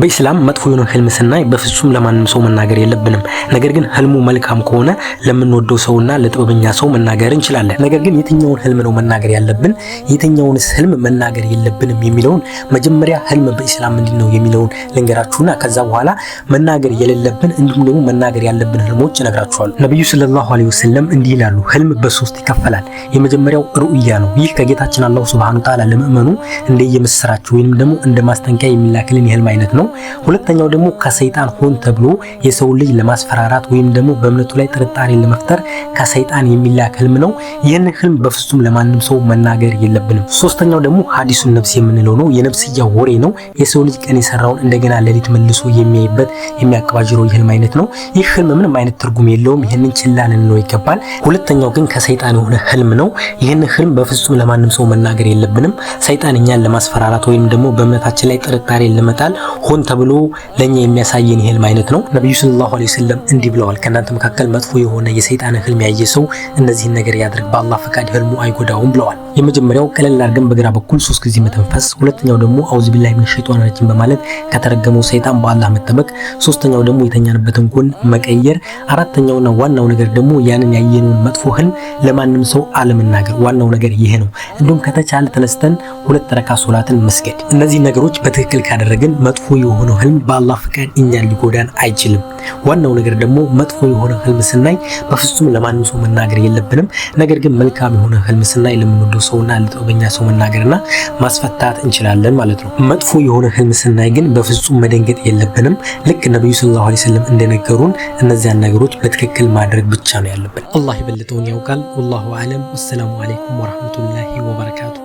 በኢስላም መጥፎ የሆነ ህልም ስናይ በፍጹም ለማንም ሰው መናገር የለብንም። ነገር ግን ህልሙ መልካም ከሆነ ለምንወደው ሰውና ለጥበበኛ ሰው መናገር እንችላለን። ነገር ግን የትኛውን ህልም ነው መናገር ያለብን፣ የትኛውንስ ህልም መናገር የለብንም የሚለውን መጀመሪያ ህልም በኢስላም ምንድን ነው የሚለውን ልንገራችሁና ከዛ በኋላ መናገር የሌለብን እንዲሁም ደግሞ መናገር ያለብን ህልሞች እነግራችኋለሁ። ነቢዩ ሰለላሁ ዐለይሂ ወሰለም እንዲህ ይላሉ፣ ህልም በሶስት ይከፈላል። የመጀመሪያው ሩእያ ነው። ይህ ከጌታችን አላሁ ሱብሃነሁ ወተዓላ ለምእመኑ እንደየምስራቸው ወይንም ደግሞ እንደ ማስጠንቀቂያ የሚላክልን የህልም አይነት ነው። ነው። ሁለተኛው ደግሞ ከሰይጣን ሆን ተብሎ የሰው ልጅ ለማስፈራራት ወይም ደግሞ በእምነቱ ላይ ጥርጣሬ ለመፍጠር ከሰይጣን የሚላክ ህልም ነው። ይህን ህልም በፍጹም ለማንም ሰው መናገር የለብንም። ሶስተኛው ደግሞ ሀዲሱን ነፍስ የምንለው ነው። የነፍስያ ወሬ ነው። የሰው ልጅ ቀን የሰራውን እንደገና ሌሊት መልሶ የሚያይበት የሚያቀባጅረው የህልም አይነት ነው። ይህ ህልም ምንም አይነት ትርጉም የለውም። ይህንን ችላ ልንለው ይገባል። ሁለተኛው ግን ከሰይጣን የሆነ ህልም ነው። ይህን ህልም በፍጹም ለማንም ሰው መናገር የለብንም። ሰይጣን እኛን ለማስፈራራት ወይም ደግሞ በእምነታችን ላይ ጥርጣሬ ለመጣል ሆን ተብሎ ለኛ የሚያሳየን የህልም አይነት ነው። ነብዩ ሰለላሁ ዐለይሂ ወሰለም እንዲህ ብለዋል፣ ከእናንተ መካከል መጥፎ የሆነ የሰይጣን ህልም ያየ ሰው እነዚህን ነገር ያድርግ፣ በአላህ ፈቃድ ህልሙ አይጎዳውም ብለዋል። የመጀመሪያው ቀለል አድርገን በግራ በኩል ሶስት ጊዜ መተንፈስ፣ ሁለተኛው ደግሞ አውዝ ቢላሂ ሚነ ሸይጣን ረጂም በማለት ከተረገመው ሰይጣን በአላህ መጠበቅ፣ ሶስተኛው ደግሞ የተኛንበትን ጎን መቀየር፣ አራተኛውና ዋናው ነገር ደግሞ ያንን ያየነውን መጥፎ ህልም ለማንም ሰው አለመናገር። ዋናው ነገር ይሄ ነው። እንዲሁም ከተቻለ ተነስተን ሁለት ረካ ሶላትን መስገድ። እነዚህ ነገሮች በትክክል ካደረግን መጥፎ የሆነው ህልም በአላህ ፍቃድ እኛን ሊጎዳን አይችልም። ዋናው ነገር ደግሞ መጥፎ የሆነ ህልም ስናይ በፍጹም ለማንም ሰው መናገር የለብንም። ነገር ግን መልካም የሆነ ህልም ስናይ ለምንወደው ሰውና ለጥበበኛ ሰው መናገርና ማስፈታት እንችላለን ማለት ነው። መጥፎ የሆነ ህልም ስናይ ግን በፍጹም መደንገጥ የለብንም። ልክ ነቢዩ ሰለላሁ ዐለይሂ ወሰለም እንደነገሩን እነዚያን ነገሮች በትክክል ማድረግ ብቻ ነው ያለብን። አላህ የበለጠውን ያውቃል። ወላሁ አለም። ወሰላሙ አለይኩም ወረህመቱላሂ ወበረካቱ።